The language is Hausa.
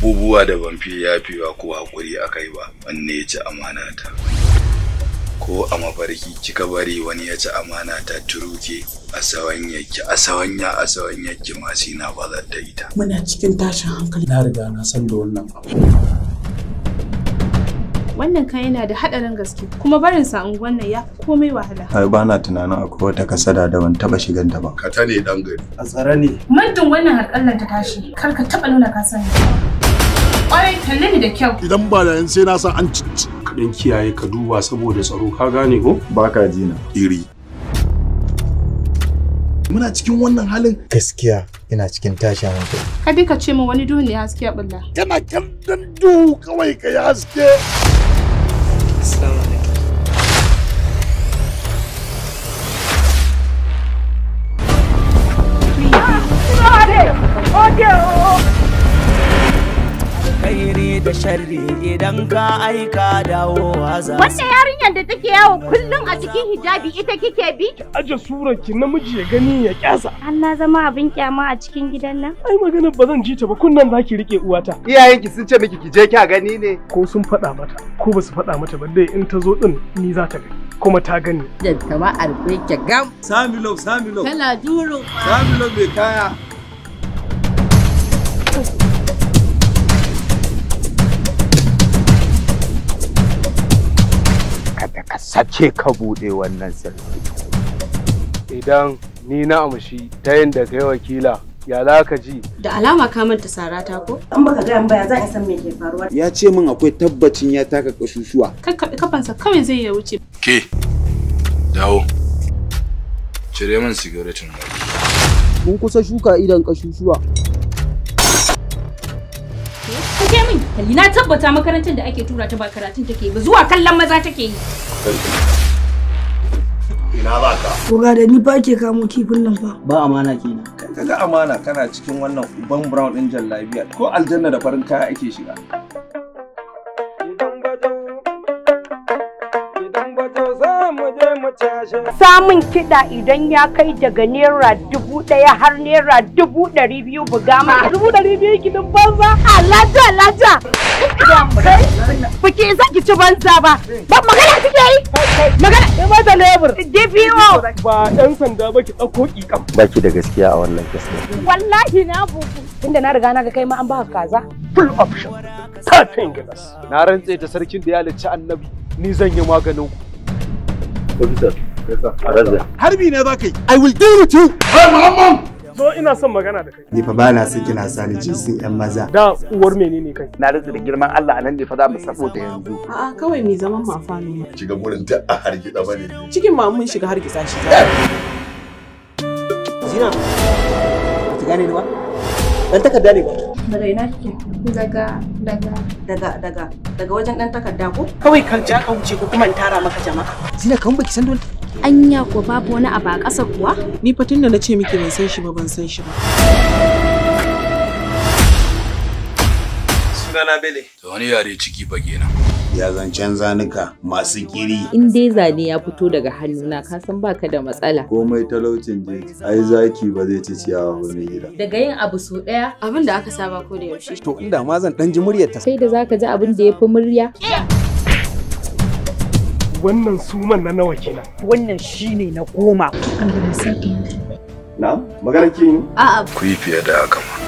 abubuwa da ban fi yafewa ko hakuri a kai ba wanne ya ci amana ta ko a mafarki kika bari wani ya ci amana ta turuke a sawan yake a sawan ya a sawan yake masu na bazar da ita muna cikin tashin hankali na riga na san da wannan abu wannan kan yana da hadarin gaske kuma barin sa unguwan nan ya komai wahala ai ba na tunanin akwai wata kasada da ban taba shigan ta ba ka tane dan gari a tsare ne muddin wannan harkallan ta tashi kar ka taba nuna ka sani Ƙwarai kalle ne da kyau. Idan ba da sai na san an cici. Ka kiyaye ka duba saboda tsaro ka gane ko? Ba ka Iri. Muna cikin wannan halin. Gaskiya ina cikin tashin hankali. Ka ka ce min wani duhun ne haske ya bulla. Tana kallon duhu kawai ka yi haske. da sharri idan ka aika dawowa za Wanda yarinyar da take yawo kullum a cikin hijabi ita kike bi? Ki aje surar ki namiji ya gani ya kyasa. An na zama abin kyama a cikin gidan nan. Ai maganar ba zan ji ta ba kunnan ki rike uwata. Iyayenki sun ce miki ki je ki gani ne. Ko sun faɗa mata ko ba su faɗa mata ba dai in ta zo din ni za ta gani. kuma ta gani. Jadda ma arfe ki gam. Samilo, Samilo. Kana juro. Samilo mai kaya. a ce ka buɗe wannan sirri idan ni na amshi ta yadda kai wakila ya za ka ji da alama ka manta sarata ko an baka gaya baya za a san me ke faruwa ya ce min akwai tabbacin ya taka kasusuwa ka kafansa kawai zai ya wuce ke dawo cire min sigaretin mun kusa shuka idan kasusuwa hankali na tabbata makarantar da ake tura ta ba karatun take ba zuwa kallon maza take yi ina ba ka koga da ni ba ke kamo kifin nan fa ba amana kenan kai kaga amana kana cikin wannan uban brown din jallabiya ko aljanna da farin kaya ake shiga Samun kiɗa idan ya kai daga naira dubu ɗaya har naira dubu ɗari biyu buga ma. Ah, dubu ɗari biyu gidan banza? Alaja ah, alaja. Biki isa ki ci banza ba. Ba magana kike yi? Magana. Ke ba da lebur. DPO. Ba ɗan sanda ba ki ɗauko ƙiƙam. Ba ki da gaskiya a wannan gaskiya. Wallahi na bugu. Tunda na riga na ga kai ma an ba kaza. Full option. Thirteen glass. Na rantse ta sarkin da ya halicci annabi. Ni zan yi maganin ku. Officer. Harbi ne za ka yi. I will deal with you. Hey Muhammad! so ina son magana da kai. Ni fa bana son kina sani sun ƴan maza. Da uwar menene kai? Na rantsa da girman Allah anan ne fa za mu sako ta yanzu. A'a kawai mi zaman ma fa ne. Shiga gurin ta a hargitsa bane. Cikin ma mun shiga hargitsa shi. Zina. Ki gane ni ba? Dan takarda ne ba. daga ina kike daga daga daga daga daga wajen dan takarda ko kawai kan ja ka wuce ko kuma in tara maka jama'a zina kan baki san dole anya ko babu wani abu a ƙasa kuwa ni fatin da na ce miki ban san shi ba ban san shi ba sunana bele to wani yare ciki ba na. ya zancen zanuka masu kiri. In dai zane ya fito daga hannuna ka san baka da matsala. Komai talaucin je ai zaki ba zai ci ciyawa ba mai gida. Daga yin abu so daya abin da aka saba ko da yaushe. To inda ma zan dan ji muryar ta. Kai da zaka ji abin da ya fi murya. Wannan suman na nawa kenan. Wannan shine na goma. Allah Na magana ki ne? A'a. Ku yi fiye da haka ma.